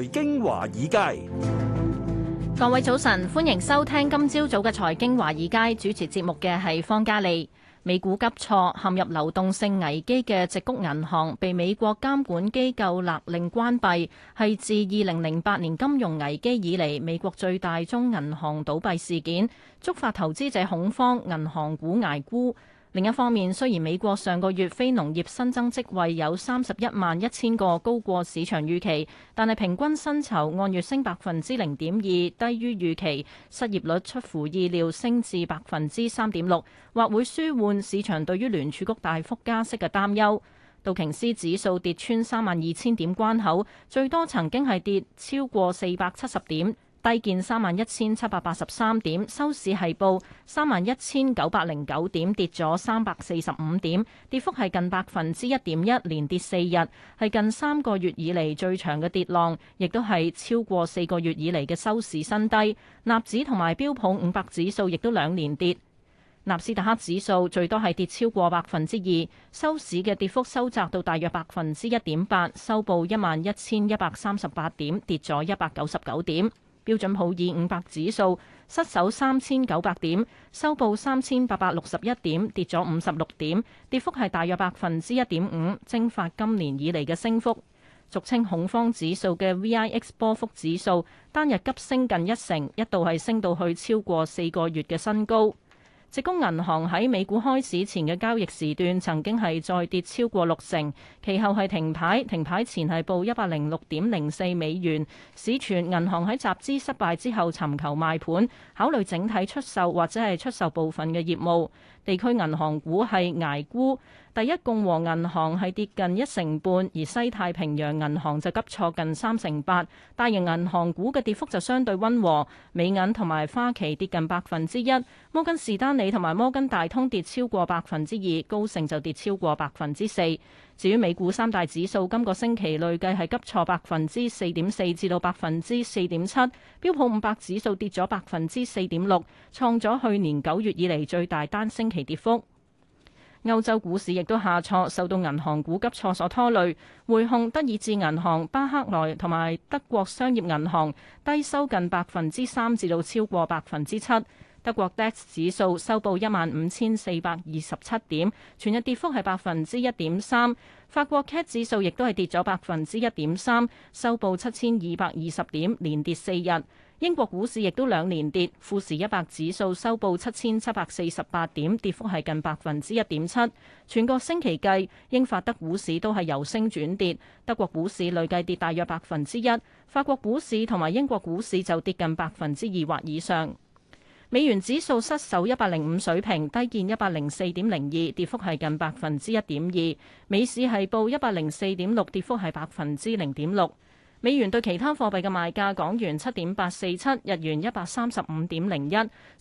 財經華爾街，各位早晨，歡迎收聽今朝早嘅財經華爾街。主持節目嘅係方嘉利。美股急挫，陷入流動性危機嘅矽谷銀行被美國監管機構勒令關閉，係自二零零八年金融危機以嚟美國最大宗銀行倒閉事件，觸發投資者恐慌，銀行股挨沽。另一方面，雖然美國上個月非農業新增職位有三十一萬一千個，高過市場預期，但係平均薪酬按月升百分之零點二，低於預期，失業率出乎意料升至百分之三點六，或會舒緩市場對於聯儲局大幅加息嘅擔憂。道瓊斯指數跌穿三萬二千點關口，最多曾經係跌超過四百七十點。低見三萬一千七百八十三點，收市係報三萬一千九百零九點，跌咗三百四十五點，跌幅係近百分之一點一，連跌四日，係近三個月以嚟最長嘅跌浪，亦都係超過四個月以嚟嘅收市新低。納指同埋標普五百指數亦都兩連跌，納斯達克指數最多係跌超過百分之二，收市嘅跌幅收窄到大約百分之一點八，收報一萬一千一百三十八點，跌咗一百九十九點。標準普爾五百指數失守三千九百點，收報三千八百六十一點，跌咗五十六點，跌幅係大約百分之一點五，蒸發今年以嚟嘅升幅。俗稱恐慌指數嘅 VIX 波幅指數，單日急升近一成，一度係升到去超過四個月嘅新高。矽谷銀行喺美股開市前嘅交易時段曾經係再跌超過六成，其後係停牌，停牌前係報一百零六點零四美元。市傳銀行喺集資失敗之後尋求賣盤，考慮整體出售或者係出售部分嘅業務。地區銀行股係捱沽。第一共和銀行係跌近一成半，而西太平洋銀行就急挫近三成八。大型銀行股嘅跌幅就相對溫和，美銀同埋花旗跌近百分之一。摩根士丹利同埋摩根大通跌超過百分之二，高盛就跌超過百分之四。至於美股三大指數，今個星期累計係急挫百分之四點四至到百分之四點七。標普五百指數跌咗百分之四點六，創咗去年九月以嚟最大單星期跌幅。歐洲股市亦都下挫，受到銀行股急挫所拖累。匯控、德意志銀行、巴克萊同埋德國商業銀行低收近百分之三至到超過百分之七。德國 DAX 指數收報一萬五千四百二十七點，全日跌幅係百分之一點三。法國 CAC 指數亦都係跌咗百分之一點三，收報七千二百二十點，連跌四日。英國股市亦都兩連跌，富時一百指數收報七千七百四十八點，跌幅係近百分之一點七。全個星期計，英法德股市都係由升轉跌，德國股市累計跌大約百分之一，法國股市同埋英國股市就跌近百分之二或以上。美元指數失守一百零五水平，低見一百零四點零二，跌幅係近百分之一點二。美市係報一百零四點六，跌幅係百分之零點六。美元對其他貨幣嘅賣價：港元七點八四七，日元一百三十五點零一，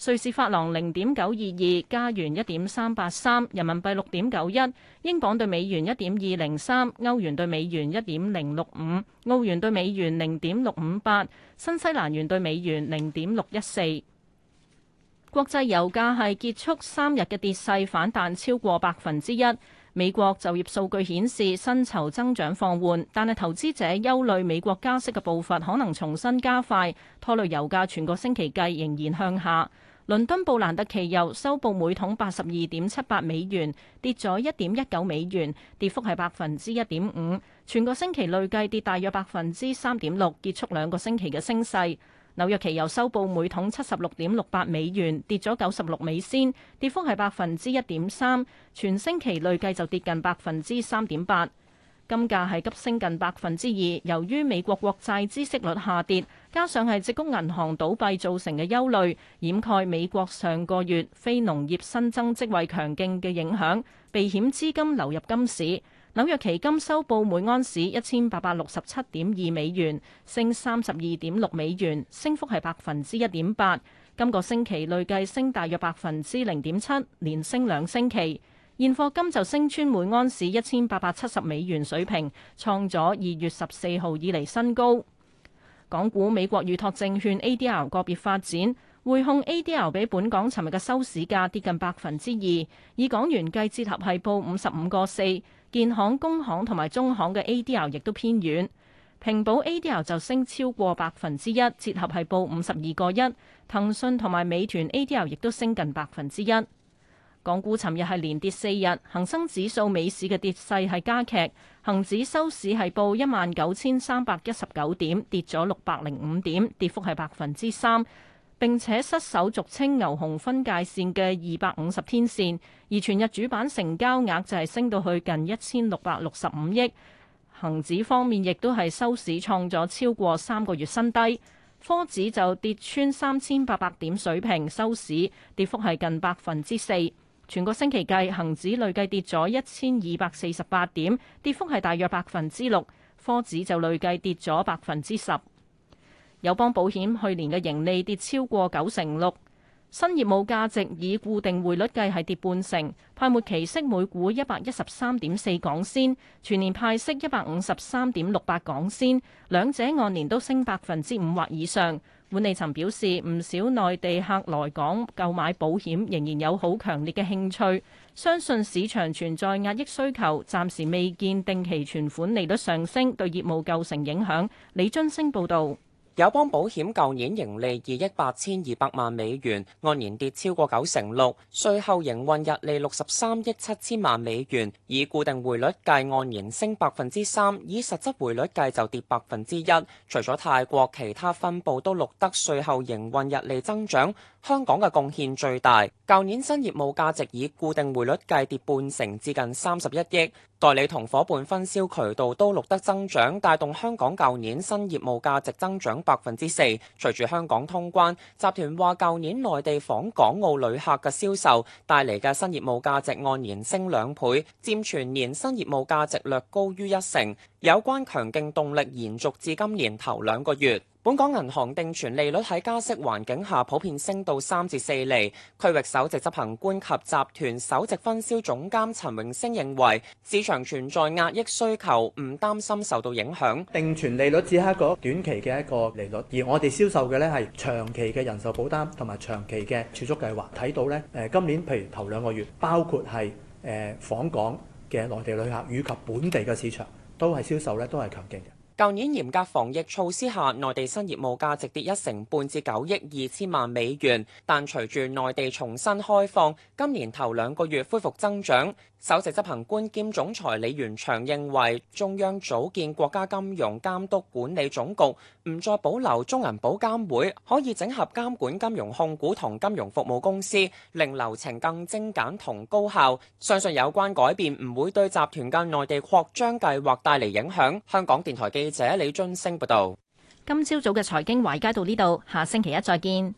瑞士法郎零點九二二，加元一點三八三，人民幣六點九一，英鎊對美元一點二零三，歐元對美元一點零六五，澳元對美元零點六五八，新西蘭元對美元零點六一四。國際油價係結束三日嘅跌勢反彈超過百分之一。美國就業數據顯示薪酬增長放緩，但係投資者憂慮美國加息嘅步伐可能重新加快，拖累油價。全個星期計仍然向下。倫敦布蘭特期油收報每桶八十二點七八美元，跌咗一點一九美元，跌幅係百分之一點五。全個星期累計跌大約百分之三點六，結束兩個星期嘅升勢。紐約期油收報每桶七十六點六八美元，跌咗九十六美仙，跌幅係百分之一點三，全星期累計就跌近百分之三點八。金價係急升近百分之二，由於美國國債孳息率下跌，加上係矽谷銀行倒閉造成嘅憂慮，掩蓋美國上個月非農業新增職位強勁嘅影響，避險資金流入金市。紐約期金收報每盎司一千八百六十七點二美元，升三十二點六美元，升幅係百分之一點八。今個星期累計升大約百分之零點七，連升兩星期。現貨金就升穿每盎司一千八百七十美元水平，創咗二月十四號以嚟新高。港股美國預託證券 ADR 個別發展。匯控 A.D.R. 比本港尋日嘅收市價跌近百分之二，以港元計，折合係報五十五個四。建行、工行同埋中行嘅 A.D.R. 亦都偏軟，平保 A.D.R. 就升超過百分之一，折合係報五十二個一。騰訊同埋美團 A.D.R. 亦都升近百分之一。港股尋日係連跌四日，恒生指數尾市嘅跌勢係加劇，恒指收市係報一萬九千三百一十九點，跌咗六百零五點，跌幅係百分之三。並且失守俗稱牛熊分界線嘅二百五十天線，而全日主板成交額就係升到去近一千六百六十五億。恒指方面亦都係收市創咗超過三個月新低，科指就跌穿三千八百點水平收市，跌幅係近百分之四。全個星期計，恒指累計跌咗一千二百四十八點，跌幅係大約百分之六，科指就累計跌咗百分之十。友邦保險去年嘅盈利跌超過九成六，新業務價值以固定匯率計係跌半成，派末期息每股一百一十三點四港仙，全年派息一百五十三點六八港仙，兩者按年都升百分之五或以上。管理層表示，唔少內地客來港購買保險仍然有好強烈嘅興趣，相信市場存在壓抑需求，暫時未見定期存款利率上升對業務構成影響。李津升報導。友邦保險舊年盈利二億八千二百萬美元，按年跌超過九成六，稅後營運溢利六十三億七千萬美元，以固定匯率計按年升百分之三，以實質匯率計就跌百分之一。除咗泰國，其他分部都錄得稅後營運溢利增長，香港嘅貢獻最大。舊年新業務價值以固定匯率計跌半成，接近三十一億。代理同伙伴分銷渠道都錄得增長，帶動香港舊年新業務價值增長。百分之四，隨住香港通關，集團話舊年內地訪港澳旅客嘅銷售帶嚟嘅新業務價值按年升兩倍，佔全年新業務價值略高於一成。有關強勁動力延續至今年頭兩個月。本港銀行定存利率喺加息環境下普遍升到三至四厘。區域首席執行官及集團首席分銷總監陳榮升認為，市場存在壓抑需求，唔擔心受到影響。定存利率只係一個短期嘅一個利率，而我哋銷售嘅呢係長期嘅人壽保單同埋長期嘅儲蓄計劃。睇到呢，誒今年譬如頭兩個月，包括係誒、呃、訪港嘅內地旅客以及本地嘅市場，都係銷售呢都係強勁嘅。舊年嚴格防疫措施下，內地新業務價值跌一成半至九億二千萬美元。但隨住內地重新開放，今年頭兩個月恢復增長。首席執行官兼總裁李源祥認為，中央組建國家金融監督管理總局，唔再保留中銀保監會，可以整合監管金融控股同金融服務公司，令流程更精簡同高效。相信有關改變唔會對集團嘅內地擴張計劃帶嚟影響。香港電台記者。記者李津星報道，今朝早嘅財經華爾街到呢度，下星期一再見。